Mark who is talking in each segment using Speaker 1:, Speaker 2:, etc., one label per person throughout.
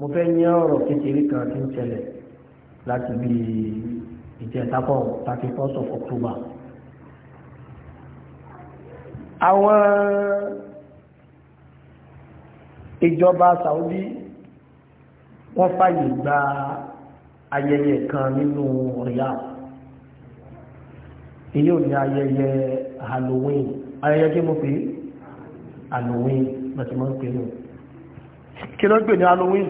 Speaker 1: mo fẹ́ ní ọ̀rọ̀ kékeré kan tí ń ṣẹlẹ̀ láti bí ìjẹtàpọ̀ thirty first of October. àwọn ìjọba Saudi wọ́n fàyè gba ayẹyẹ kan nínú ọ̀yà ilé òní ayẹyẹ Halloween ayẹyẹ kí mo pè Halloween bàtí mo ń pè nù kí ló ń pè ní Halloween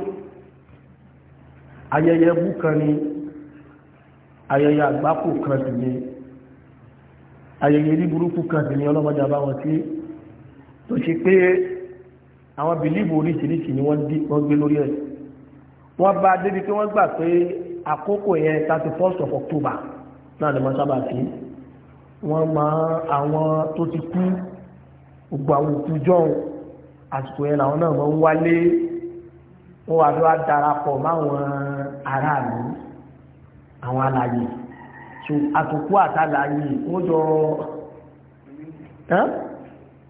Speaker 1: ayẹyẹ bú kan ni ayẹyẹ àgbákò kan sì ni ayẹyẹ ní burúkú kan sì ni ọlọ́mọdé àbáwọn tí tó ṣe pé àwọn bìlíìbù oríṣiríṣi ni wọ́n gbé lórí ẹ̀ wọ́n bá débi pé wọ́n gbà pé àkókò yẹn thirty first of October náà ni wọ́n sábà sí wọ́n máa àwọn tó ti kú gbogbo àwọn òkú jọ̀hún àsìkò yẹn làwọn náà máa ń wálé wọ́n wá darapọ̀ máwọn aráàlú àwọn alàyè so àtòkú àtàlàyè ó jọ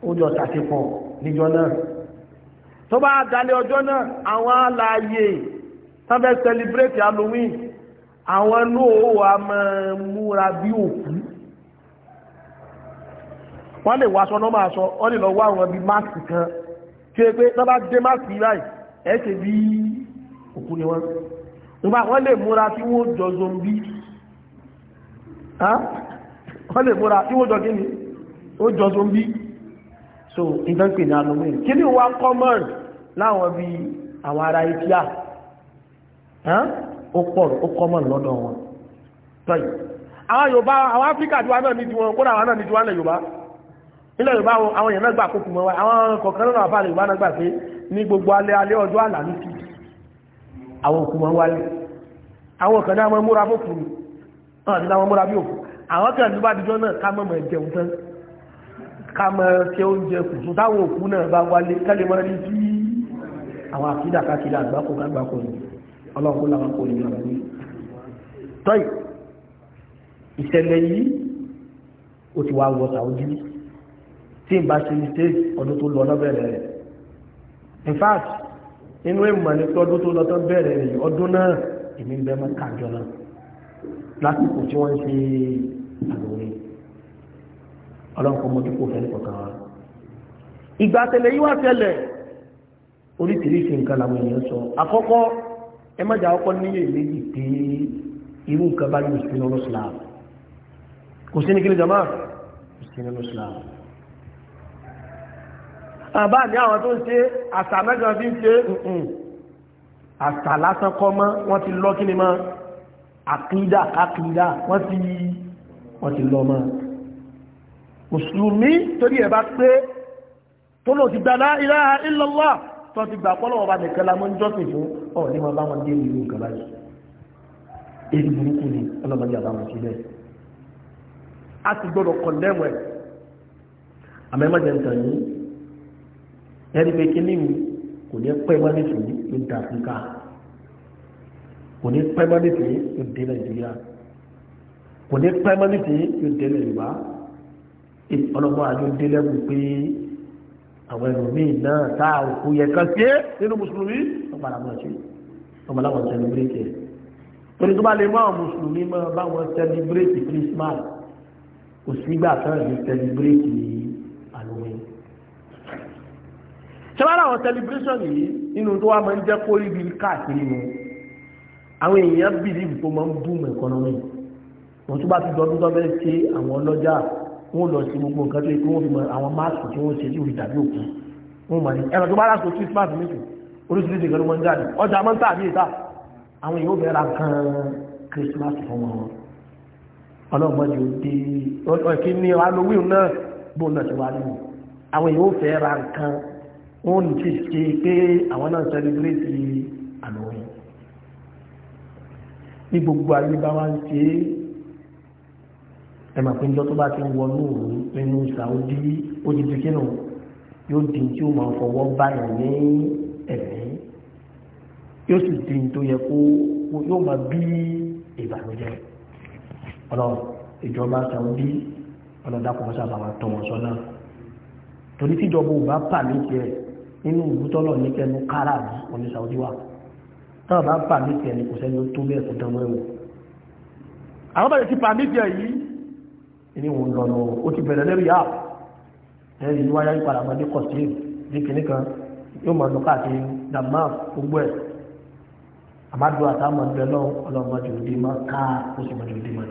Speaker 1: ó jọ tàṣepọ̀ níjọ́ náà tó bá dalẹ̀ ọjọ́ náà àwọn alàyè tán fẹ́ celebrate Halloween àwọn náà wà máa múra bí òkú wọ́n lè wáṣọ náà máa sọ wọ́n lè lọ wá àwọn bí máàkì kan tí ó pé tán bá dé máàkì láì ẹ́ nígbà wọ́n lè múra tí wọ́n jọ zombi wọ́n lè múra tí wọ́n jọ kí ó jọ zombi so nǹkan pè ní halloween kí ni wọ́n common láwọn bí àwọn ará India ó pọ̀ ó common lọ́dọ̀ wọn tọ́yì àwọn Yorùbá àwọn Áfíríkà tí wọ́n náà ní tiwọn kódà àwọn náà ní tiwọn lẹ̀ Yorùbá nílẹ̀ Yorùbá àwọn èèyàn náà gbà kókò mọ́ wa àwọn kọ̀ọ̀kan náà àfáà lè Yorùbá náà gbà pé ní gbogbo alẹ́ alẹ́ ọjọ́ àlàmísì àwọn òkú ma ń wálé àwọn kan náà ma múra fófù ní ọ̀nà tí wọ́n múra bí òkú àwọn kan tó bá dijọ́ náà ká mọ̀ jẹun tán ká mọ̀ ṣe oúnjẹ kù tó táwọn òkú náà bá wálé kẹ́lẹ̀ mọ́ ní sí àwọn àkídà kákídà àgbákò kágbákò ní ọlọ́run kó làwọn kò ní ọ̀rọ̀ ní tọ́yì ìṣẹ̀lẹ̀ yìí ó ti wá wọ sàwọ́jú nínú ìmọ̀ ní tọ́dún tó lọ́tọ́ bẹ̀rẹ̀ rẹ̀ ọdún náà èmi ń bẹ mọ́ kájọ náà lásìkò tí wọ́n ń ṣe àlòrin ọlọ́nkọ́ mọ́tò kò fẹ́ nìkan kan wa. ìgbà tẹ̀lé yíwá tẹ̀lẹ̀ oríṣiríṣi nǹkan làwọn èèyàn sọ àkọ́kọ́ àbá ní àwọn tó ń ṣe àṣà mẹ́jọ fi ń ṣe nǹkan àṣà lásán kọ́ mọ́ wọ́n ti lọ kí ni mọ́ àkídà àkídà wọ́n ti wọ́n ti lọ mọ́ mùsùlùmí torí ẹ̀ bá pé tó lò ti gbàdá ilaha illallah tó ti gbà pọ́lọ̀ ọba nìkan la mọ́ ń jọ́sìn fún ọ̀ ní ma bá wọn dé ìlú nǹkan báyìí èyí burúkú ni ọlọ́mọdé àbáwọn sí bẹ́ẹ̀ a ti gbọ́dọ̀ kọ̀ndẹ́mù ẹ̀ àmẹ́mọ́jẹ̀ ń tàn yìí ẹni pé kí níwì kò ní pẹ́ mọ́ nísìnyí ló dà áfíríkà kò ní pẹ́ mọ́ nísìnyí ló dé nàìjíríà kò ní pẹ́ mọ́ nísìnyí ló dé nàìjíríà ọlọ́mọ àjọ dé lẹ́bù pé àwọn ẹlòmíì náà tá a òkú yẹ kan sí nínú mùsùlùmí wọ́n padà mọ̀ ṣe ọmọ aláwọ̀ sẹlẹ̀bírẹ́tì ẹ̀ torí tó bá lè mọ́ àwọn mùsùlùmí mọ́ báwọn sẹlẹ̀bírẹ́tì Christmas kò sígbà tán ìlú sẹlẹ̀bírẹ́tì yìí ṣẹ́wárà àwọn celebration yìí inú tó wá máa ń jẹ́ kó rí bí káàkiri nu àwọn èèyàn bìlíìfù tó máa ń boom economy wọ́n tún bá ti dọ́dún tó bẹ́ẹ̀ ṣe àwọn ọlọ́jà wọ́n lọ sí gbogbo nǹkan tó yẹ kí wọ́n fi mọ àwọn máàkì tí wọ́n ṣe sí orí tàbí òkú wọ́n mọ̀ ní ẹ̀rọ tó bá lásìkò Christmas méjì oríṣiríṣi nǹkan ló máa ń jáde ọjà máa ń tà bí ìta àwọn èèyàn bẹ̀rẹ̀ gan-an Christmas fún wọn ọlọ́mọdé òde ọ̀kí ní alowin náà gbóná ti wá nínú àwọn èèyàn fẹ́ wọ́n ti ṣe pé àwọn náà sẹ́lẹ̀bírẹ́tì àlọ́wìn ní gbogbo ayé bá wá ń ṣe ẹ̀mà pé njọ́ tó bá ti ń wọnú òun nínú Saudi ó ti di kínú yóò di tí ó máa fọwọ́ báyìí ní ẹ̀mí yóò sì di tó yẹ kó yóò máa bí ìbànújẹ́ ọlọ́run ìjọba Saudi ọlọ́dàkùnrin sábà máa tọ̀ wọ́n torí tíjọba ò bá pàmì tiẹ̀ nínú ìbútọ́lọ̀ ní kẹnu kára àbí ọ̀nà Saudi wa táwọn bá pàmìtì ẹni kò sẹ́ni tó bẹ́ẹ̀ kó dánwó ẹ̀wọ̀n àwọn bẹ̀rẹ̀ ti pàmìtì ẹ̀ yìí ní wọn lọ lọ ó ti bẹ̀rẹ̀ lẹ́rìí àpò lẹ́rìí ní wáyá ìpadà máa ní kọ̀sí ní kìnní kan yóò máa lọ káàkiri dàmá gbogbo ẹ̀ àmàdù àtàwọn ọmọdé lọ ọlọ́mọdé òde máa ká ó sì mọdé òde máa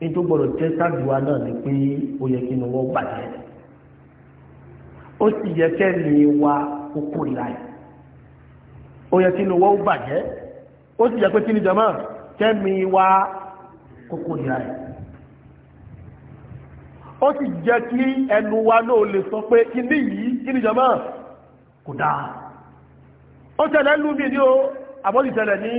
Speaker 1: ní tó gbọ́dọ̀ jẹ́ sádùá náà ni pé ó yẹ kí ni wọ́n bàjẹ́ ó sì yẹ kẹ́ni wa ó kórìíra ẹ̀ ó yẹ kí ni wọ́n bàjẹ́ ó sì yẹ pé kí ni jọmọ́ kẹ́mi wa ó kórìíra ó sì jẹ́ kí ẹnu wa náà lè sọ pé kí ni yìí kí ni jọmọ́ kò dáa ó tẹ̀lé lú ní o àbọ̀dì tẹ̀lé ní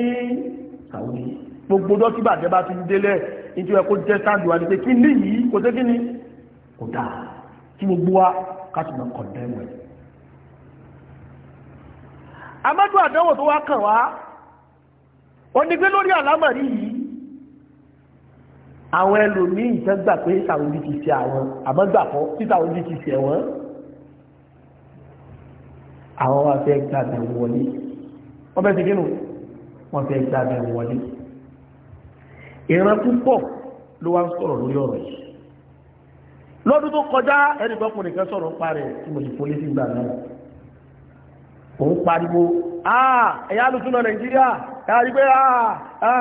Speaker 1: Saudi gbogbo ọjọ́ tí bàjẹ́ bá ti ń délẹ̀ nítorí ẹ jẹ́ sáàdùn àti pé kí ní yìí kò sí kí ni kò dáa tí gbogbo wa ká sì máa kọ̀dẹ́ wẹ̀. amadu àdánwò tó wá kàn wá ó ní pé lórí àlámọ̀rí yìí àwọn ẹlòmíì ìtàn gbà pé sàwọ́dí ti ṣe àwọn àmọ́ gbà fọ́ tí sàwọ́dí ti ṣe wọ́n àwọn wa fẹ́ gbàgbẹ̀ wọlé wọ́n fẹ́ ṣe kí wọ́n fẹ́ gbàgbẹ̀ wọlé ìran púpọ̀ ló wá ń sọ̀rọ̀ lórí ọ̀rọ̀ yìí lọ́dún tó kọjá ẹnìgbọ́kùnrin kan sọ̀rọ̀ ń parẹ̀ tí mo sì fún létí ìgbà náà òun pariwo ẹ̀yà alùsùnà nàìjíríà ẹ̀yà pé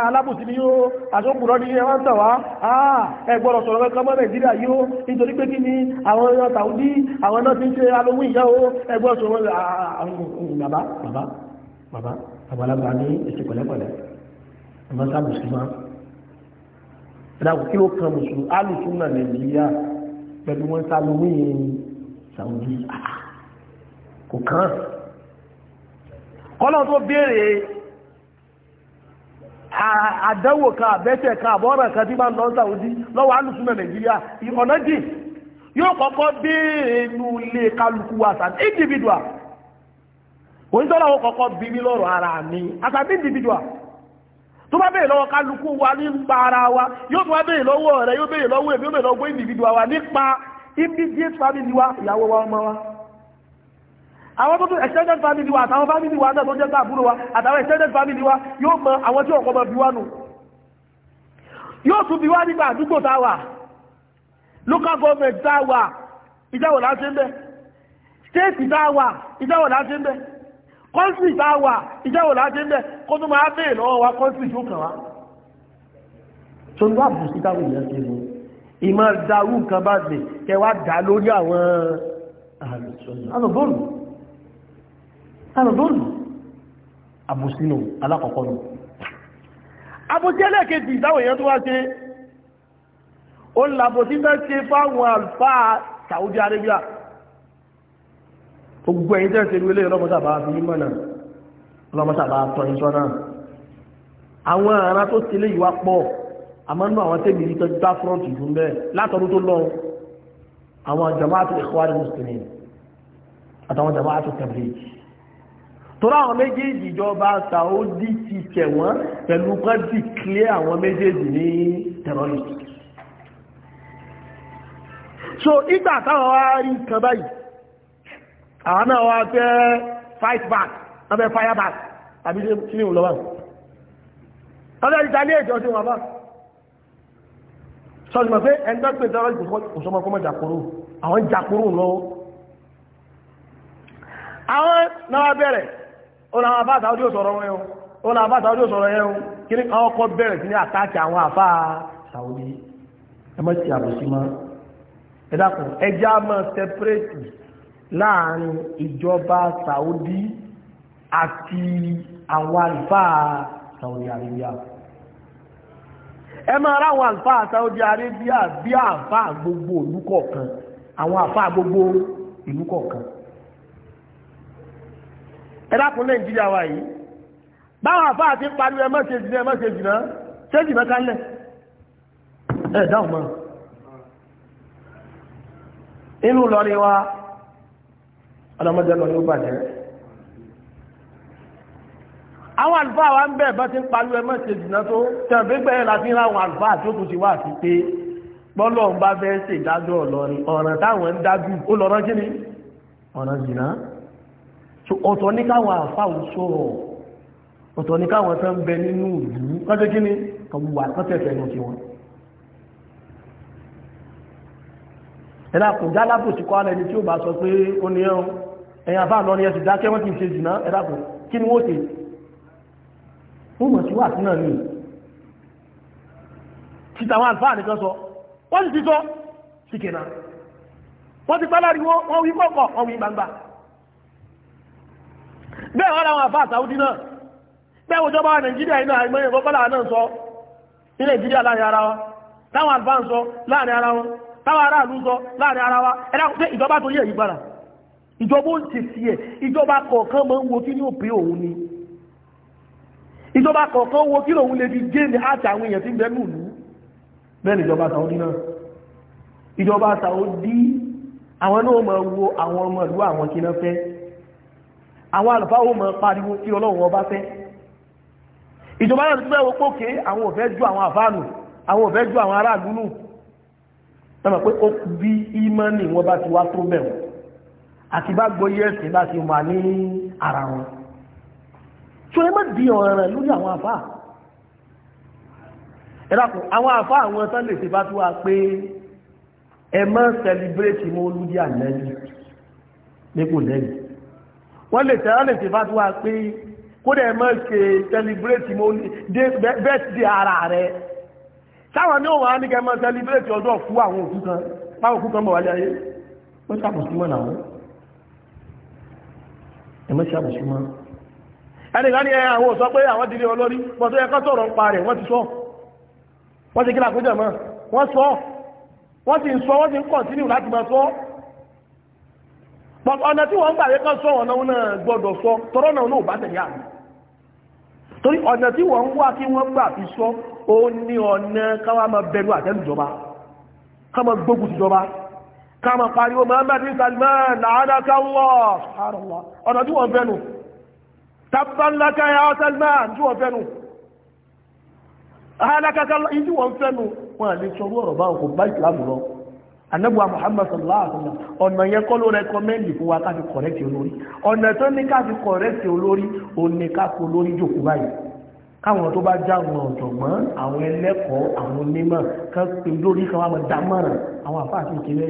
Speaker 1: alábùsí ni yóò àṣókùnrọ́ ní ẹwà ń tàwá ẹgbọ́rọ̀ sọ̀rọ̀ kankan mọ́ nàìjíríà yóò nítorí pé kí ni àwọn ẹran tàúdí àwọn náà ti ń ṣe alówún ìyá o ẹgbọ́rọ̀ sọ̀rọ̀ bàbá bàbá bàbá àgbàlagbà ní ẹ̀ṣẹ̀ pẹ̀lẹ́pẹ̀lẹ́ ẹ̀dàkù kí ló kan mùsùlùmí alùsùnà nàìjíríà pẹ̀lú wọn sálómi Saudi ah, kò kàn kọ́lọ́ tó béèrè àdánwò kan àbẹ́sẹ̀ kan àbọ́ràn kan tí bá ń lọ Saudi lọ́wọ́ alùsùnà nàìjíríà ọ̀nà dì yóò kọ́kọ́ béèrè nu ilé kálukú wa sàn individual òyìnbó làwọn kọ́kọ́ bí mi lọ́rọ̀ ara mi as an individual tó bá bèèrè lọ́wọ́ kálukú wa ní ń pa ara wa yóò tó bá bèèrè lọ́wọ́ rẹ̀ yóò bèèrè lọ́wọ́ èmi yóò bèèrè lọ́wọ́ individual wa nípa immediate family wa ìyàwó wa ọmọ wa àwọn tó tó extended family wa àtàwọn family wa náà tó jẹ́ tàbúrò wa àtàwọn extended family wa yóò mọ àwọn tí ọkọ̀ mọ bí wá nù yóò tún bí wá nípa àdúgbò tá wà local government tá wà ìjáwọ̀ láti ń bẹ state tá wà ìjáwọ̀ láti ń bẹ kọ́ńtì tá a wà ìjáwò láti ń bẹ̀ kó tó máa bèèrè lọ́wọ́ wa kọ́ńtì tó kàn wá tó ń wá bù sí táwọn èèyàn ṣe mú ìmọ̀ darú nǹkan bá gbè kẹwàá dá lórí àwọn àlùsọ̀nù alùbọ́ọ̀lù àbùsínú alákọ̀ọ́kọ́ nù àbòsí Saudi Arabia gbogbo ẹ̀yin tẹ́ ṣe wílé ọlọ́mọ́sàbá fi ní mọ̀nà ọlọ́mọ́sàbá tọ́ ìṣọ́ náà àwọn ará tó ti lé ìwà pọ̀ àmọ́nú àwọn tẹ́bí yìí tọ́jú bá fúrọ́ǹtì ìlú mẹ́ látọ̀dún tó lọ àwọn jamaatu ikhwan muslimin àtàwọn jamaatu tabligh tọ́rọ àwọn méjèèjì ìjọba Saudi ti tẹ̀ wọ́n pẹ̀lú kan ti clear àwọn méjèèjì ní terrorist so ìgbà táwọn wá rí nǹkan báyìí àwọn náà wá fẹ́ fight back wọ́n fẹ́ fire back àbí kí ni òun lọ́wọ́ wọ́n fẹ́ ìta ní èjọ tí wọ́n bá sọ́jú mọ̀ pé ẹgbẹ́ pé tẹ́rọ ìṣọ́mọ kọ́mọ jàkúrú àwọn jàkúrú lọ́wọ́ àwọn náà bẹ̀rẹ̀ ọ̀nà àwọn àbáta ojú sọ̀rọ̀ wọn ẹ̀hún ọ̀nà àbáta ojú sọ̀rọ̀ ẹ̀hún kí ni àwọn ọkọ̀ bẹ̀rẹ̀ sí ní àtàkì àwọn àfá Saudi ẹmọ́ ti àbòsí mọ́ ẹ̀dàkùn ẹjá mọ́ separate láàrin ìjọba Saudi àti àwọn àlùfáà Saudi Arabia ẹ máa ráwọn àlùfáà Saudi Arabia bí àfáà gbogbo ìlú kọ̀ọ̀kan àwọn àfáà gbogbo ìlú kọ̀ọ̀kan ẹ dákun Nàìjíríà wa yìí báwọn àfáà ti pariwo ẹ má ṣe jìnnà ẹ má ṣe jìnnà ṣé jìnnà kálẹ̀ ẹ dáhùn inú lọ́rin wa ọlọ́mọdé lọ yóò bàjẹ́ àwọn àlùfáà wa ń bẹ̀ bá ti ń parí ẹ mọ́sẹ̀ ìdìnà tó tẹ̀gbẹ́gbẹ́ láti ń ráwọn àlùfáà tó kù sí wà sí pé bọ́lọ̀ ń bá fẹ́ ṣe ìdájọ́ ọ̀lọ́rin ọ̀ràn táwọn ń dájú ó lọ́rán kí ni ọ̀ràn jìnà ọ̀tọ̀ ní káwọn àfáà sọ̀rọ̀ ọ̀tọ̀ ní káwọn tó ń bẹ nínú ìlú kọ́tẹ́ kí ni kọ̀wùwà kọ́tẹ̀fẹ̀ lọ sí wọn ẹ̀dá kò já lábòsí kọ́ ẹ̀yìn àbá lọ ní ẹ̀sì dákẹ́ wọ́n ti ṣe jù náà ẹ̀dàkù kí ni wọ́n ṣe wọ́n mọ̀ sí wà sí náà ní títàwọn àlfáà nìkan sọ wọ́n ti sọ sí kìnnà wọ́n ti pálá ríwọ́ wọ́n wí kọ́kọ́ wọ́n wí gbangba bẹ́ẹ̀ wọ́n láwọn àfáà Saudi náà bẹ́ẹ̀ wọ́n jọba Nàìjíríà iná àìmọye kọ́kọ́lá náà sọ ní Nàìjíríà láàrin ara wọn táwọn àlfáà ń sọ láàrin ara wọn táwọn aráàlú ń sọ láàrin ara wa ẹ̀dá ìjọba tó yẹ ìgbàlá ìjọba ó ń ṣe sí ẹ̀ ìjọba kọ̀ọ̀kan máa ń wo kí ní òpin òun ni ìjọba kọ̀ọ̀kan wo kí lòun lè fi géèmì àti àwọn èèyàn tí ń bẹ nùlú bẹ́ẹ̀ ìjọba Saudi náà ìjọba Saudi àwọn náà máa wo àwọn ọmọ ìlú àwọn kí náà fẹ́ àwọn àlùfáà ó máa pariwo kí ọlọ́run ọba fẹ́ ìjọba náà ti fẹ́ wo pókè àwọn ò fẹ́ ju àwọn àfáànù àwọn ò fẹ́ ju àwọn aráàlú nù sọ́mọ̀ pé ó bí ímánì wọn bá ti wá tó bẹ̀rù àti bá gbóyè ẹ̀sìn bá ti wà ní ara wọn tó ẹ má di ọ̀rọ̀ rẹ̀ lórí àwọn àfáà ẹ̀dàkùn àwọn àfáà àwọn tán lè ṣe bá tó wà pé ẹ má sẹlibrétì mọ́ olúdí ànẹ́lì nípò lẹ́yìn wọ́n lè tẹ́lá lè ṣe bá tó wà pé kódà ẹ má ṣe sẹlibrétì mọ́ bẹ́ẹ̀tì ara rẹ̀ táwọn ní òun á mọ́ sẹlibrétì ọjọ́ fún àwọn òkú kan báwọn òkú kan bọ̀ wálé ayé wọ́n sábà sí mọ́ ẹ̀mọ́ ṣàbùsù mọ́ ẹnìkan ní àwọn òsọ pé àwọn dìlé olórí pọ̀ tó ẹkọ́ sọ̀rọ̀ ń pa rẹ̀ wọ́n ti sọ wọ́n ti kílà kójọ mọ́ wọ́n sọ wọ́n ti ń sọ wọ́n ti ń láti máa sọ náà gbọ́dọ̀ sọ náà ló bá tẹ̀lé torí ọ̀nà tí wọ́n ń wá kí wọ́n gbà fi sọ ó ní ọ̀nà káàmà pariwo Muhammad bin Salman la'anaka Allah subhanallah ọ̀nà tí wọ́n fẹ́nu tabban laka ya Salman tí wọ́n fẹ́nu ahalakakala ìdí wọ́n fẹ́nu wọ́n lè sọ̀rọ̀ ọ̀rọ̀ báwọn kò bá ìsìlámù lọ anabuwa Muhammad sallallahu alaihi wasallam ọ̀nà yẹn kọ́ ló rẹkọmẹ́ndì fún wa káfi kọ̀rẹ́tì olórí ọ̀nà tó ní káfi kọ̀rẹ́tì olórí òní káfi olórí jòkó báyìí káwọn tó bá já àwọn ọ̀jọ̀gbọ́n àwọn ẹlẹ́kọ̀ọ́ àwọn onímọ̀ kan lórí kan wà mọ̀ dámọ̀ràn àwọn àfáà sì kéré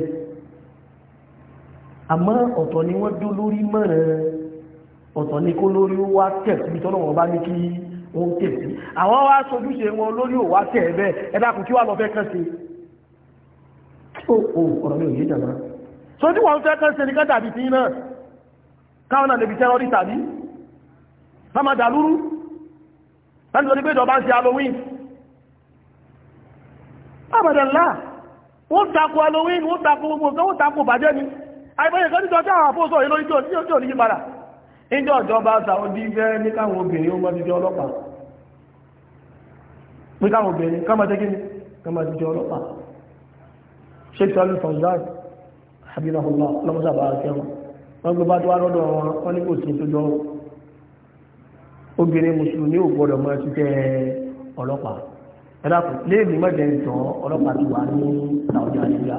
Speaker 1: àmọ́ ọ̀tọ̀ ni wọ́n dó lórí mọ́ràn ọ̀tọ̀ ni kó lórí ó wá tẹ̀ síbi tọ́lọ́ wọn bá ní kí wọ́n tẹ̀ sí àwọn wá sojúṣe wọn lórí òwá tẹ̀ ẹ bẹ́ẹ̀ ẹ dákun kí wà lọ fẹ́ kàn sí ó ó ọ̀rọ̀ mi ò yé jàmá so tí wọ́n fẹ́ kàn sí nìkan tàbí tí náà takò halloween wọ́n takò gbogbo nǹkan wọ́n takò bàjẹ́ ni àìbẹ̀yẹ̀ kan nítorí àwọn àpóòsọ̀ yìí lórí tí ò ní yípadà ìjọ ìjọba Saudi fẹ́ ní káwọn obìnrin ó mọ́jíjọ ọlọ́pàá pé káwọn obìnrin kámọ́jẹ́gí ní kámọ́jíjọ ọlọ́pàá Sheikh Salih Fawzan habibullah lọ́mọ́sàbà àkẹwọn wọ́n gbé bá tó wá lọ́dọ̀ wọn wọ́n ní kò sí tó jọ obìnrin mùsùlùmí ò gbọ́dọ̀ mọ́ ṣiṣẹ́ ọlọ́pàá ẹ̀dàkùn léèmí mọ́jẹ̀ ìtàn ọlọ́pàá ti wà ní Saudi Arabia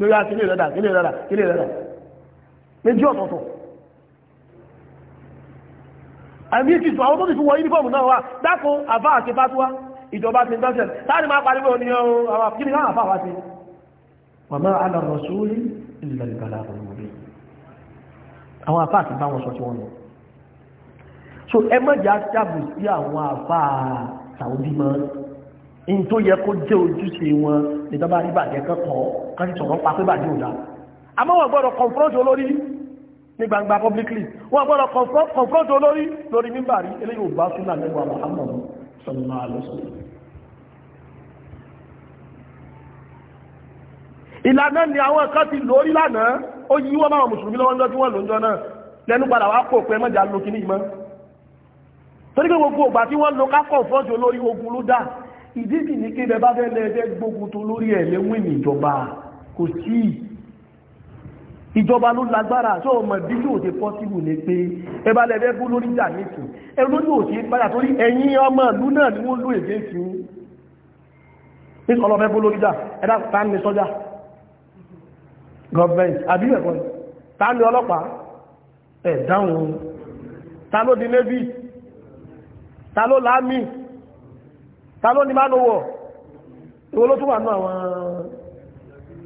Speaker 1: lórí akílè rẹ̀dà kílè rẹ̀dà kílè rẹ̀dà méjì ọ̀tọ̀ọ̀tọ̀ àmì ìtìsù àwọn tó ti fi wọ yúnífọ́ọ̀mù náà wà dákun àbá àti fatuwa ìjọba ti dọ́sẹ̀ táàrí máa pariwo ní ọrùn àwọn akílè náà àfà wá sí wàmá alàrọ̀ sórí ilẹ̀ ìgbàlá àwọn àfà àti bá wọn sọ tí wọn lọ so ẹ mọ̀jà ṣàbù sí àwọn àfà sàwọ́dí mọ́ in tó yẹ kó jẹ́ ojúṣe wọn nígbà bá rí bàjẹ́ kẹ́kọ̀ọ́ kan ti sọ̀rọ̀ pa pé bàjẹ́ òdá àmọ́ wọ́n gbọ́dọ̀ confront olórí ní gbangba publicly wọ́n gbọ́dọ̀ confront olórí lórí mímbàrí eléyìí ò súnà lẹ́gbàá Muhammadu sallallahu ìlànà ni àwọn kan ti lórí lánàá ó yí wọ́n máa mùsùlùmí lọ́wọ́ lọ́jọ́ tí wọ́n lóúnjọ́ náà lẹ́nu padà wá kò pẹ́ mọ́jà lókì ní ìmọ́ torí pé gbogbo ògbà tí wọ́n lo kákọ̀ fọ́jú olórí ogun ló dá ìdí kò sí ìjọba ló lágbára tó ọmọ bí yóò ṣe pọ́síbù ní pé ẹbá lẹ́bẹ́ bú lórí ìjà nìkan ẹ̀rọ lórí òṣè padà torí ẹ̀yìn ọmọ ìlú náà ni wọ́n ló èdè sí ní nítorí ọlọ́fẹ́ bú lórí ìjà ẹ̀dá ta ni sọ́jà gọ́ọ̀mẹ́ntì àbí ẹ̀kọ́ ta navy ta ló láàmì ta ló ní bá lówọ̀ ìwọ ló